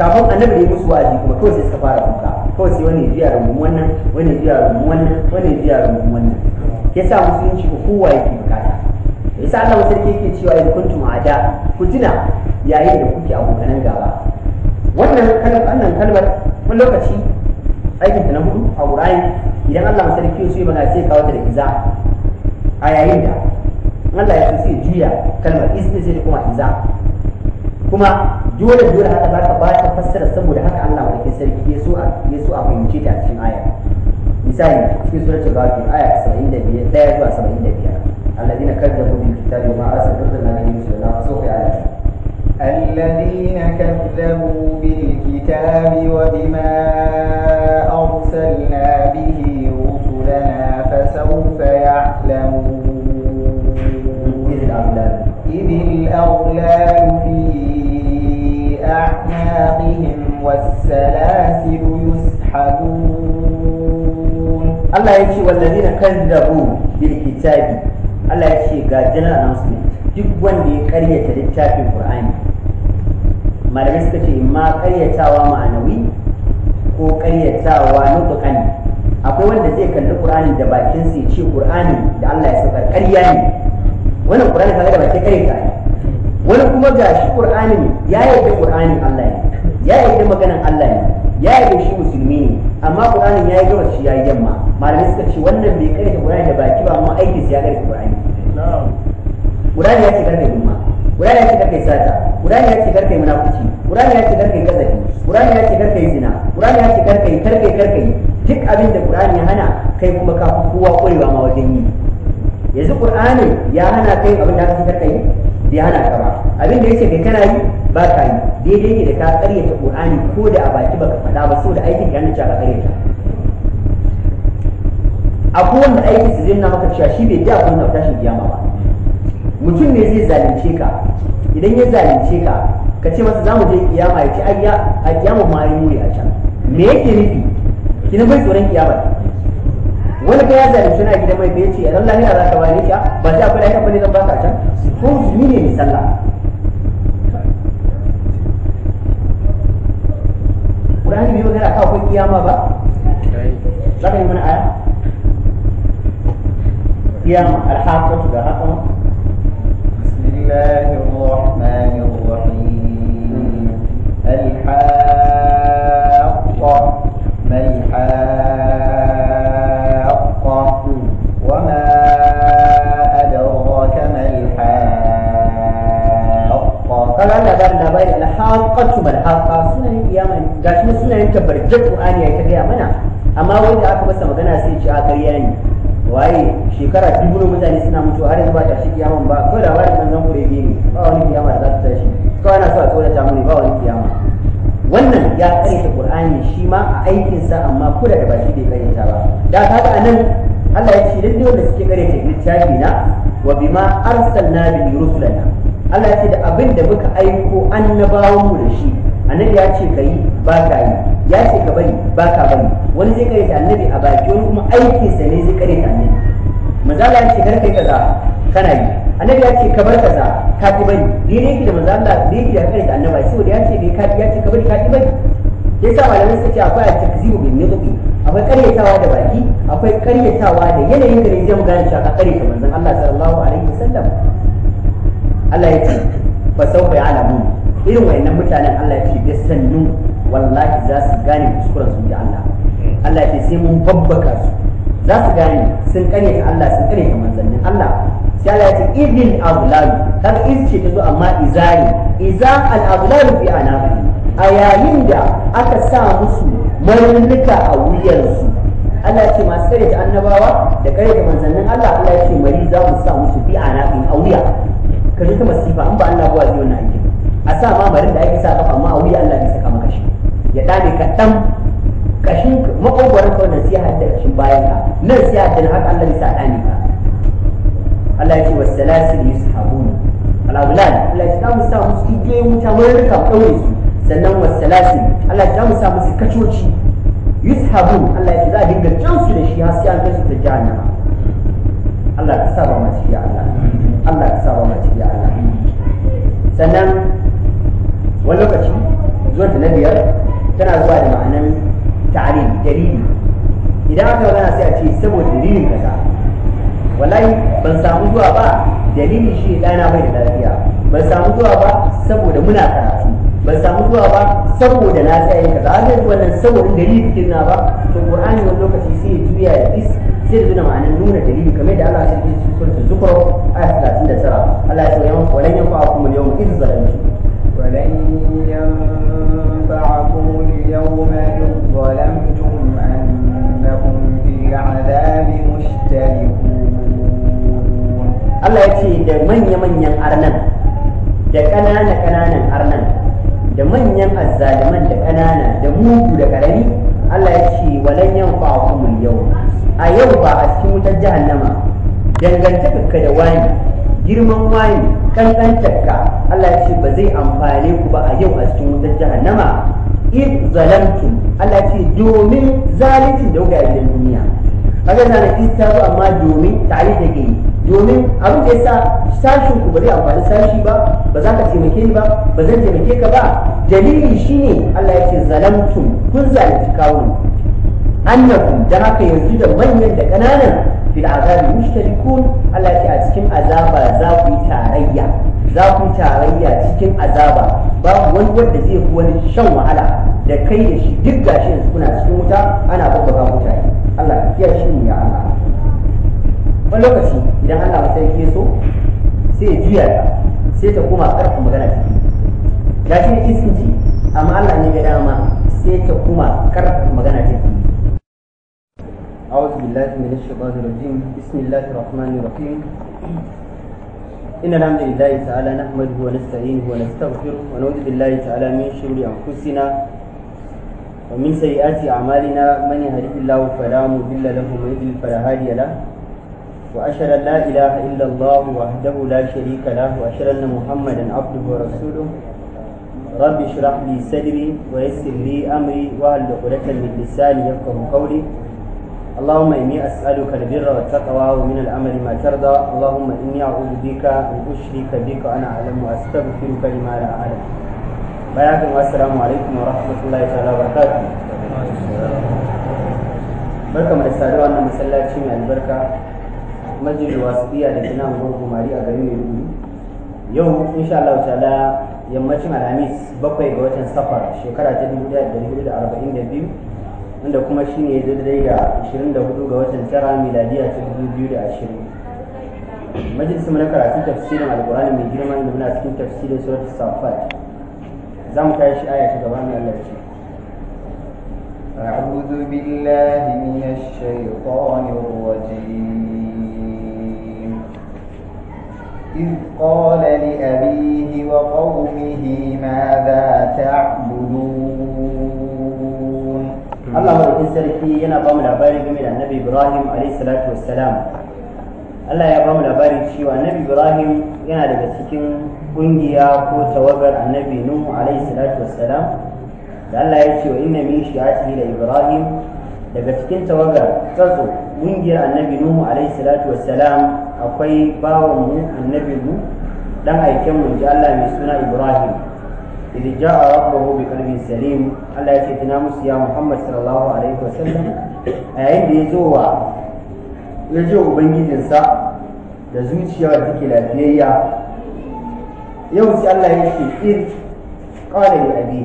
kafin annabi da ya musu wa'azi kuma kawai sai suka fara kuka kawai sai wani jiya rumu wannan wani jiya rumu wannan wani jiya rumu wannan ke sa musulunci ko kowa yake bukata ya sa Allah sarki yake cewa in kuntum ada ku tuna yayin da kuke abokanan gaba wannan kalmar wani lokaci aikin ta na hudu a qur'ani idan Allah masarki su yi magana sai kawo ta da iza a yayin da Allah ya so sai juya kalmar ismi sai kuma iza kuma dole dole haka za ka ba ta fassara saboda haka Allah wani sarki ya so a ya so a fahimce ta cikin aya misali cikin suratul ghafir aya 75 daya zuwa 75 الذين كذبوا بالكتاب وما أرسلنا به رسلا فسوف يعلمون الذين كذبوا الكتاب وبما أرسلنا به رسلنا فسوف يعلمون إذ الأغلال في أعناقهم والسلاسل يسحبون الله يكفي والذين كذبوا بالكتاب الله يكفي قال جنرال announcement duk wanda ya karyata littafin Qur'ani malamai suka ce ma karyatawa ma'anawi ko karyatawa nutukan akwai wanda zai kalli qur'ani da bakin sai ce qur'ani da Allah ya saka ƙarya ne wannan qur'ani kaga da bakin karyata ne wani kuma ga shi qur'ani ya yarda qur'ani Allah ne ya yarda maganan Allah ne ya yarda shi musulmi ne amma qur'anin ya yi gaba shi ya yi yamma malamai suka ce wannan bai karyata qur'ani da baki ba amma aikin ya karyata qur'ani qur'ani ya ce karka gumma qur'ani ya ce karka sata Qur'ani ya ce kar kai munafici Qur'ani ya ce kar kai gazafi Qur'ani ya ce kar zina Qur'ani ya ce kar kai kar duk abin da Qur'ani ya hana kai kuma ka kowa ƙwarewa ma wajen yi yanzu Qur'ani ya hana kai abin da aka kar da ya hana ka ba abin da yake kai kana yi ba ka yi daidai ne da ka karyata Qur'ani ko da a baki baka faɗa ba da aikin ka nuna cewa ka karyata akwai wanda aiki su zai nuna maka cewa shi bai ji akwai na tashin kiyama ba mutum ne zai zalunce ka idan ya zalunce ka ka ce masa za mu je kiyama ya ce a kiyama ma yi muri a can me yake nufi ki na bai tsoron kiyama wani ka ya zalunce na gidan mai bai ce ran lahira za ka bani ka ba sai akwai lahira bane zan baka a can ko zumi ne misalla sallah Qur'ani bai magana akwai kiyama ba za ka yi mana aya kiyama alhaqatu da haqama الله الرحمن الرحيم الحاقة ما الحاقة وما أدراك ما الحاقة قال الله بارنا بين الحاقة ما الحاقة سنة قيامة قاش سنة انت برجت وآني يتقيامنا أما وإذا أكبس مغنى سيجي آخر يعني waye shekara dubu mutane suna mutuwa har yanzu ba ta shi kiyaman ba ko da wani nan zan kurege ne ba wani kiyama da za ta tashi ko ana so a tsorata ta ba wani kiyama wannan ya karyata qur'ani shi ma a aikinsa amma ko da ba shi bai ta ba da ga anan Allah ya ce lalle wanda suke karyata littafi na wa bima arsalna bi rusulana Allah ya ce da abin da muka aiko annabawan mu da shi annabi ya ce kai ba ka yi ya ce ka bari ba ka bari wani zai kare ta annabi a baki wani kuma aikinsa ne zai kare ta annabi manzala ya ce kar kai kaza kana yi annabi ya ce ka bar kaza ka ki bari ni ne yake da manzala ne yake da kare ta annabi wani ya ce ka ya ce ka bari ka ki bari sa malamin suka ce akwai at-takzibu bin nutqi akwai karyatawa da baki akwai karyatawa da yanayin da zai mu gane cewa ka kare ta manzon Allah sallallahu alaihi wasallam Allah ya ce fa ya alamu irin wayannan mutanen Allah ya ce da sannu wallahi za su gane kuskuren su da Allah Allah ce sai mun babbaka su za su gane sun kare ta Allah sun kare ta manzannin Allah sai Allah ya ce idil azlal kaga iz ce ta zo amma izari iza al azlal fi anafi a yayin da aka sa musu marulluka a wuyansu Allah ya ce masu kare ta annabawa da kare ta manzannin Allah Allah ya ce mari za mu sa musu fi anafi a wuya ka ta masifa an ba Allah ba zai wannan aiki a sa ma marin da ake sa kafa amma a wuya Allah bai saka maka shi ya dame ka dan kashin makogwaron kawai nan sai ya hadda kashin bayan ka nan sai ya hadda haka Allah bisa dame ka Allah ya ce wa salasil yushabun al-aghlal Allah ya samu sa musu igiyoyin wuta mun ka daure su sannan wa salasil Allah ya samu sa musu kacoci yushabun Allah ya ce za a dinga jan su da shi har sai an kai su ta jahannama Allah ka saba mu ciki Allah Allah ka saba mu ciki Allah sannan wani lokaci zuwa da na biyar tana zuwa da ma'anan ta'alim dalili idan aka magana sai a ce saboda dalilin kaza wallahi ban samu zuwa ba dalili shi ɗana bai da lafiya ban samu zuwa ba saboda muna karatu ban samu zuwa ba saboda na tsaye kaza an yanzu wannan saboda dalilin cikin na ba to qur'ani wani lokaci sai ya juya ya is sai ya nuna ma'anar nuna dalili kamar da Allah ya ce cikin suratul zukhruf aya 39 Allah ya ce wa lan yanfa'akum al-yawma idh zalamtum wa lan yanfa'akum Allah ya ce da manya-manyan arnan da ƙanana-ƙananan arnan da manyan azzaliman da ƙanana da mugu da ƙarami Allah ya ce walan yan fa'akumul yau a yau ba a cikin wutar jahannama dangantaka ka da wani girman wani kankantarka Allah ya ce ba zai amfane ku ba a yau a cikin wutar jahannama in zalamtum Allah ya ce domin zalincin da kuka yi duniya kaga na in ta zo amma domin tare da ke domin abin da yasa sashin ku ba zai amfani sashi ba ba za ka taimake ni ba ba zan taimake ka ba dalili shine Allah ya ce zalamtum kun zalunci kawo annakum da haka yanzu da manyan da kananan fil azabi mushtarikun Allah ce a cikin azaba za ku yi tarayya za ku yi tarayya cikin azaba babu wani wanda zai fi wani shan wahala da kai da shi duk gashi yanzu cikin wuta ana babbaka mutane Allah ka kiyaye shi ya Allah wani lokaci idan Allah sai ke so sai ya juya ta sai ta koma karfin magana ta gashi iskin ce amma Allah ne ga dama sai ta koma karfin magana ta أعوذ بالله من الشيطان الرجيم بسم الله الرحمن الرحيم إن الحمد لله تعالى نحمده ونستعينه ونستغفره ونعوذ بالله تعالى من شرور أنفسنا ومن سيئات أعمالنا من يهده الله فلا مضل له ومن يضلل فلا هادي له وأشهد أن لا إله إلا الله وحده لا شريك له وأشهد أن محمدا عبده ورسوله رب اشرح لي صدري ويسر لي أمري واهل عقدة من لساني يفقه قولي اللهم إني أسألك البر والتقوى ومن العمل ما ترضى اللهم إني أعوذ بك أن أشرك بك أنا أعلم وأستغفرك لما لا أعلم بياكم والسلام عليكم ورحمة الله تعالى وبركاته barka mai saduwa wannan masallaci mai albarka majid wasiya da kina gurgu mari a garin Maiduguri yau insha Allah ta'ala yammacin alhamis bakwai ga watan safar shekara ta wanda kuma shine daidai ga 24 ga watan tara miladiya ta 2020 majalisa mun karatu tafsirin alqur'ani mai girma da muna cikin tafsirin surat safat zamu kai shi aya ta gaba mai Allah ce أعوذ بالله من الشيطان الرجيم إذ قال لأبيه وقومه ماذا تعبدون Allah madaukin sarki yana ba mu labari game da annabi Ibrahim alaihi salatu wassalam Allah ya ba mu labari cewa annabi Ibrahim yana daga cikin kungiya ko tawagar annabi Nuhu alaihi salatu wassalam da Allah ya ce wa inna min shi'atihi da Ibrahim daga cikin tawagar tsatso kungiyar annabi Nuhu alaihi salatu wassalam akwai bawan mu annabi mu dan aiken mu ji Allah mai suna Ibrahim إذ جاء ربه بقلب سليم الله يفتنا يا محمد صلى الله عليه وسلم أعيد يزوى يجوى بنجدنسا da zuciya da take lafiyayya yau sai Allah ya ce in qala li abi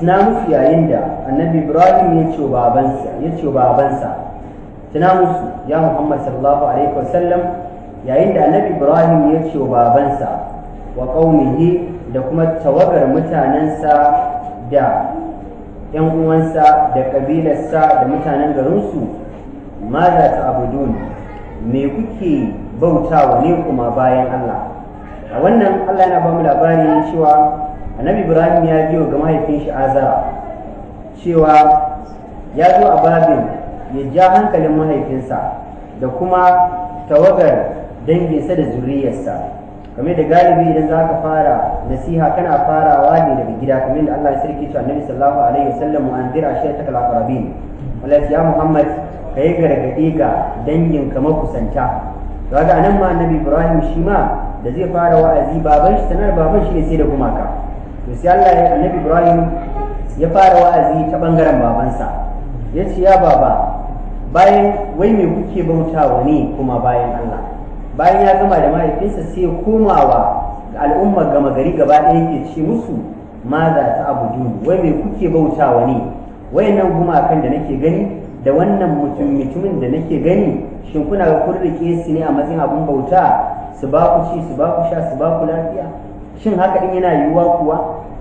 musu yayin da annabi Ibrahim ya ce babansa babansa tuna musu ya Muhammad sallallahu alaihi wasallam yayin da annabi Ibrahim ya ce babansa wa qaumihi da kuma tawagar mutanensa da ‘yan uwansa da ƙabilarsa da mutanen garinsu ma za ta abudun me kuke bautawa ne kuma bayan Allah a wannan Allah yana ba mu labari cewa annabi Ibrahim ya biyo ga mahaifin shi Azara cewa ya zo a babin ya ja hankalin mahaifinsa da kuma tawagar danginsa da zuriyarsa kamar da galibi idan za ka fara nasiha kana farawa ne daga gida kamar da Allah ya sarki shi annabi sallallahu alaihi wasallam an dira shi ta kalakarabin wallahi ya Muhammad kai gargade ga dangin ka makusanta to ga anan ma annabi Ibrahim shi ma da zai fara wa'azi baban shi sanar baban shi ne sai da gumaka to sai Allah ya annabi Ibrahim ya fara wa'azi ta bangaren babansa ya ce ya baba bayan wai me kuke bautawa ne kuma bayan Allah bayan ya gama da mahaifinsa sai komawa ga al'umma gama gari gaba ɗaya yake ce musu ma za ta abudu wai mai kuke bautawa ne wai wayannan gumakan da nake gani da wannan mutum mutumin da nake gani shin kuna ga kun rike su ne a matsayin abun bauta su ba ku ci su ba ku sha su ba ku lafiya shin haka din yana yiwuwa kuwa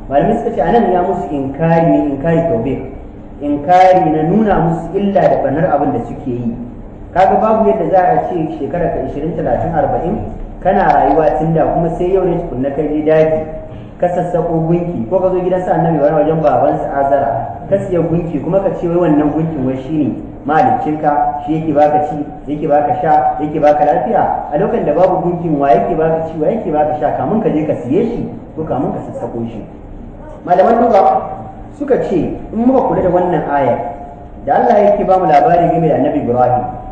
malamai suka ce anan ya musu inkari ne inkari in inkari na nuna musu illa da banar abin da suke yi kaga babu yadda za a ce shekara ka 20 30 40 kana rayuwa tunda kuma sai yau ne tukunna kai je daji ka sassako gunki ko ka zo gidan sa annabi wani wajen baban sa azara ka siya gunki kuma ka ce wai wannan gunkin wai shine ka, shi yake baka ci yake baka sha yake baka lafiya a lokacin da babu gunkin wa yake baka ci wa yake baka sha kamun ka je ka siye shi ko kamun ka sassako shi malaman duba suka ce in muka kula da wannan ayar da Allah yake ba mu labari game da annabi Ibrahim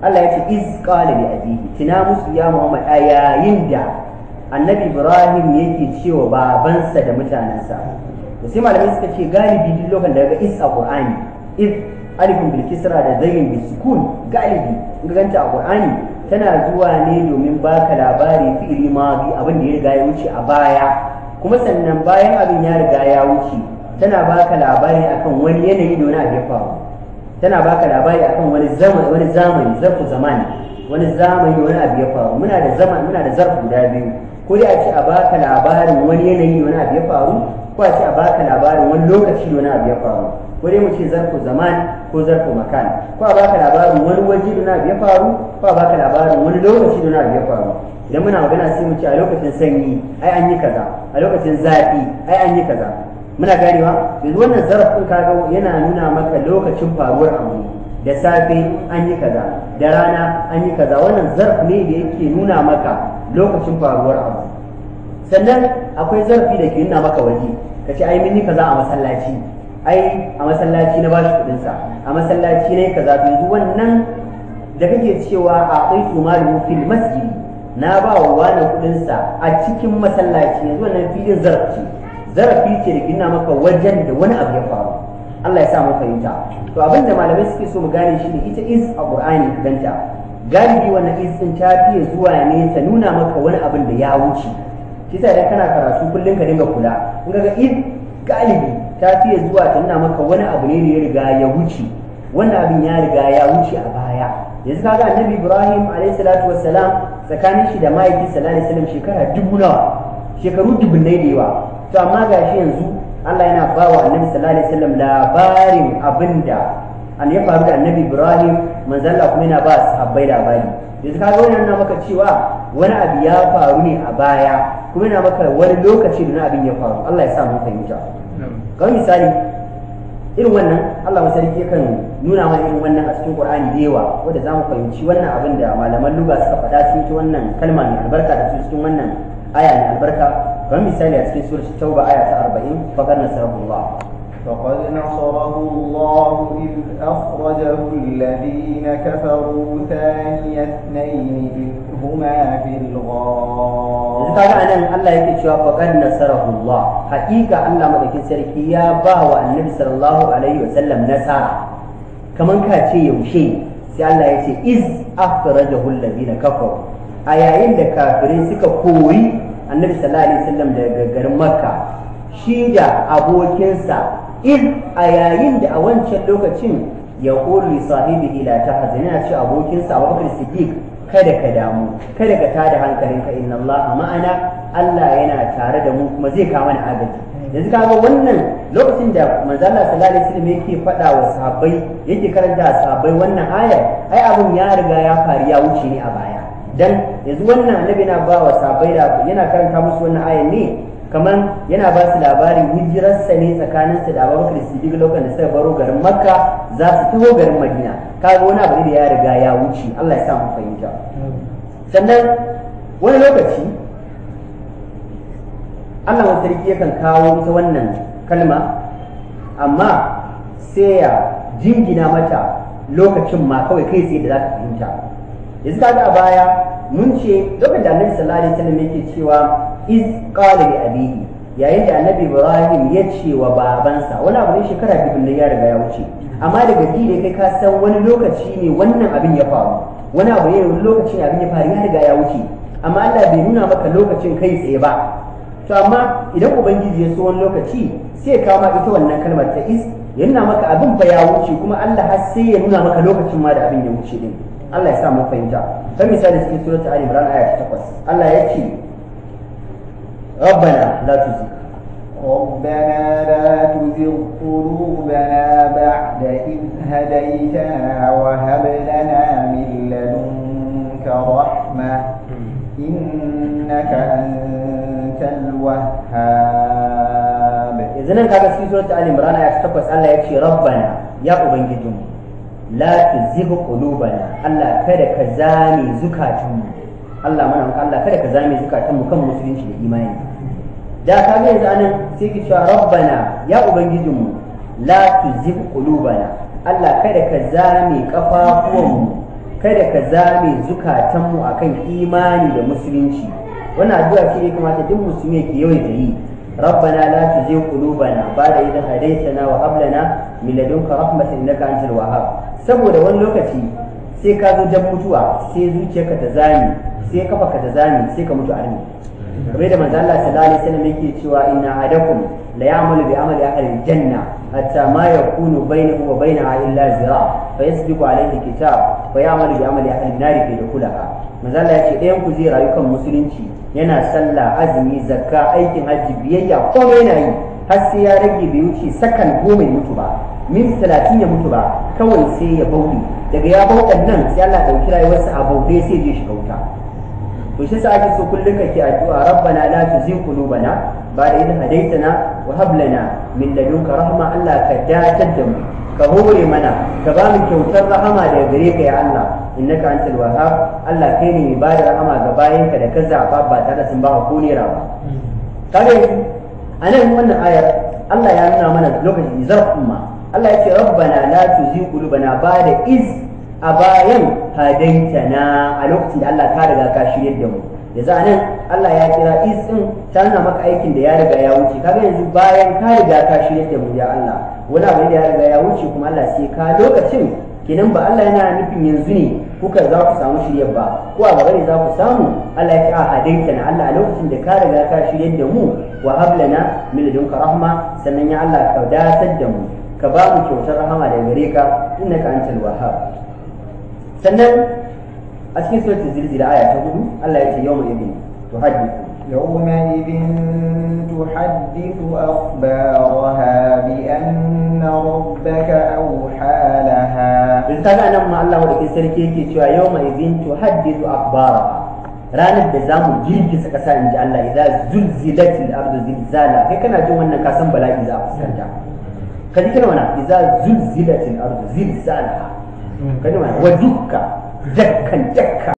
Allah ya ce iz qala li abihi tina musu ya Muhammad a yayin da annabi Ibrahim yake cewa babansa da mutanensa to sai malamai suka ce galibi duk lokacin da ga is a Qur'ani iz alifin bil kisra da zayin bil sukun galibi in ganta a Qur'ani tana zuwa ne domin baka labari fi'ili madi abin da ya riga ya wuce a baya kuma sannan bayan abin ya riga ya wuce tana baka labari akan wani yanayi da wani abu ya faru tana baka labari akan wani zamani wani zamani zarfu zamani wani zamani wani abu ya faru muna da zamani muna da zarfu guda biyu ko dai a ce a baka labarin wani yanayi wani abu ya faru ko a ce a baka labarin wani lokaci wani abu ya faru ko dai mu ce zarfu zaman ko zarfu makan ko a baka labarin wani waje wani abu ya faru ko a baka labarin wani lokaci wani abu ya faru idan muna magana sai mu ce a lokacin sanyi ai an yi kaza a lokacin zafi ai an yi kaza muna ganewa yanzu wannan zarafin kaga yana nuna maka lokacin faruwar abu da safe an yi kaza da rana an yi kaza wannan zarf ne da yake nuna maka lokacin faruwar abu sannan akwai zarafi da ke nuna maka waje ka ce ai mun kaza a masallaci ai a masallaci na bashi kudin sa a masallaci ne kaza to yanzu wannan da kake cewa a qaitu malu fil masjid na ba wa wani kudin sa a cikin masallaci yanzu wannan filin zarafi. zarafi ce da gina maka wajen da wani abu ya faru Allah ya sa mu fahimta to abin da malamai suke so mu gane shi ne ita is a Qur'ani danta galibi wannan is din ta fiye zuwa ne ta nuna maka wani abin da ya wuce shi sa idan kana karatu kullum ka dinga kula in ga is galibi ta fiye zuwa ta nuna maka wani abu ne da ya riga ya wuce wannan abin ya riga ya wuce a baya yanzu kaga annabi Ibrahim alayhi salatu wassalam tsakanin shi da mahaifi sallallahu alaihi wasallam shekara dubu nawa shekaru dubunnai da yawa to amma ga shi yanzu Allah yana ba wa annabi sallallahu alaihi wasallam labarin abinda an ya faru da annabi Ibrahim manzon Allah kuma yana ba sahabbai labari yanzu ka ga wannan maka cewa wani abu ya faru ne a baya kuma yana maka wani lokaci da abin ya faru Allah ya sa mu fahimta ga misali irin wannan Allah masarki yakan nuna mana irin wannan a cikin Qur'ani da yawa wanda zamu fahimci wannan abin da malaman luga suka faɗa sun wannan kalma albarka da cikin wannan aya albarka kamar misali a cikin surat tauba aya ta 40 faqad فقد نصره الله إذ أخرجه الذين كفروا ثاني اثنين إذ هما في الغار kaga anan Allah yake cewa faqad nasarahu Allah haƙiƙa Allah madaukin sarki ya ba wa Annabi sallallahu alaihi wasallam nasara kaman ka ce yaushe sai Allah ya ce iz akhrajahu alladhina kafaru a yayin da kafirai suka koyi. annabi sallallahu alaihi wasallam daga garin makka shi da abokinsa in a yayin da a wancan lokacin ya kori sahibi ila ta hazin yana ce abokinsa abubakar siddiq kada ka damu kada ka tada hankalinka inna allah ma'ana allah yana tare da mu kuma zai kawo na agaji yanzu kaga wannan lokacin da manzo Allah sallallahu alaihi wasallam yake faɗa wa sahabbai yake karanta sahabbai wannan ayar ai abin ya riga ya faru ya wuce ne a baya dan yanzu wannan annabi yana ba wa sabai da yana karanta musu wannan ayan ne kamar yana ba su labarin hijirarsa ne tsakaninsa da abubakar siddiq lokacin da suka baro garin makka za su taho garin madina kaga wani abu da ya riga ya wuce allah ya sa mu fahimta sannan wani lokaci allah wani sarki yakan kawo ita wannan kalma amma sai ya jingina mata lokacin ma kawai kai sai da za ka fahimta yanzu kaga a baya mun ce lokacin da annabi sallallahu alaihi wasallam yake cewa iz qala li abihi yayin da annabi ibrahim ya ce wa babansa wani abu ne shekara bibin da ya riga ya wuce amma daga ji da kai ka san wani lokaci ne wannan abin ya faru wani abu ne wani lokaci ne abin ya faru ya riga ya wuce amma allah bai nuna maka lokacin kai tsaye ba to amma idan ubangiji ya so wani lokaci sai kama ita wannan kalmar ta iz yana maka abin fa ya wuce kuma allah har sai ya nuna maka lokacin ma da abin ya wuce din Allah ya sa mu fahimta dan misali cikin surat Ali Imran aya 8 Allah ya ce Rabbana la tuzigh Rabbana la tuzigh qulubana ba'da idh hadaytana wa hab lana min ladunka rahma innaka antal wahhab idan kaga cikin surat Ali Imran aya 8 Allah ya ce Rabbana ya ubangijinmu la tuzigh qulubana Allah kada ka zame zukatanmu Allah mana Allah kada ka zame mu kan musulunci da imani da ka ga yanzu anan sai ki cewa rabbana ya mu la tuzigh qulubana Allah kada ka zame mu kada ka zame zukatanmu akan imani da musulunci wannan addu'a ce ne kamata duk musulmi ke yawaita yi ربنا لا تزغ قلوبنا بعد إذ هديتنا وهب لنا من لدنك رحمة إنك أنت الوهاب saboda wani lokaci sai ka zo jan mutuwa sai zuciyarka ta zami sai kafa ka ta zami sai ka mutu arni kamar da manzo Allah sallallahu alaihi wasallam yake cewa inna hadakum la ya'malu bi amali ahli janna hatta ma yakunu bainahu wa bainaha illa zira fa yasbiqu alaihi kitab fa ya'malu bi amali ahli an-nar fi dukhulaha manzo Allah ya ce ɗayan ku zai rayu kan musulunci yana sallah azumi zakka aikin hajji biyayya komai yana yi har sai ya rage bai wuce sakan goma ya mutu ba min talatin ya mutu ba kawai sai ya bauɗe daga ya bauɗan nan sai Allah ɗauki rayuwarsa a bauɗe sai je shi bauta to shi sa ake so kullum kake addu'a rabbana la tuzigh qulubana ba'da idh hadaytana wa hab lana min ladunka rahma Allah ka datar da mu ka hore mana ka ba mu kyautar rahama daga gare ka ya Allah innaka antal wahhab Allah kai ne mai ba da rahama ga bayanka da ka zaba ba tare da sun ba ko nera ba Kare anan wannan ayar Allah ya nuna mana lokacin zarf umma Allah ya ce rabbana la tuzigh qulubana ba'da iz a bayan hadaitana a lokacin da Allah ka riga ka shirye da mu yanzu za nan Allah ya kira isin ta nuna maka aikin da ya riga ya wuce kaga yanzu bayan ka riga ka shirya da mu ya Allah wani abu da ya riga ya wuce kuma Allah sai ka lokacin kenan ba Allah yana nufin yanzu ne kuka za ku samu shirya ba ko a gaba ne za ku samu Allah ya kira a hadaita na Allah a lokacin da ka riga ka shiryar da mu wa hablana min ladunka rahma sannan ya Allah ka dasar da mu ka ba mu kyautar rahama daga gare ka innaka antal wahhab sannan a cikin suratul zilzila aya ta hudu Allah ya ce yawma idin tuhaddithu يومئذ تحدث أخبارها بأن ربك ke لها إذا أنا مع الله ولكن سركيك يومئذ تحدث أخبارها ranar da za mu girgiza ƙasa in ji Allah idan zulzilatil ardu zilzala kai kana jin wannan kasan bala'i za a fuskanta ka ji kana mana idan zulzilatil ardu zilzala kana mana wa dukka jakkan jakka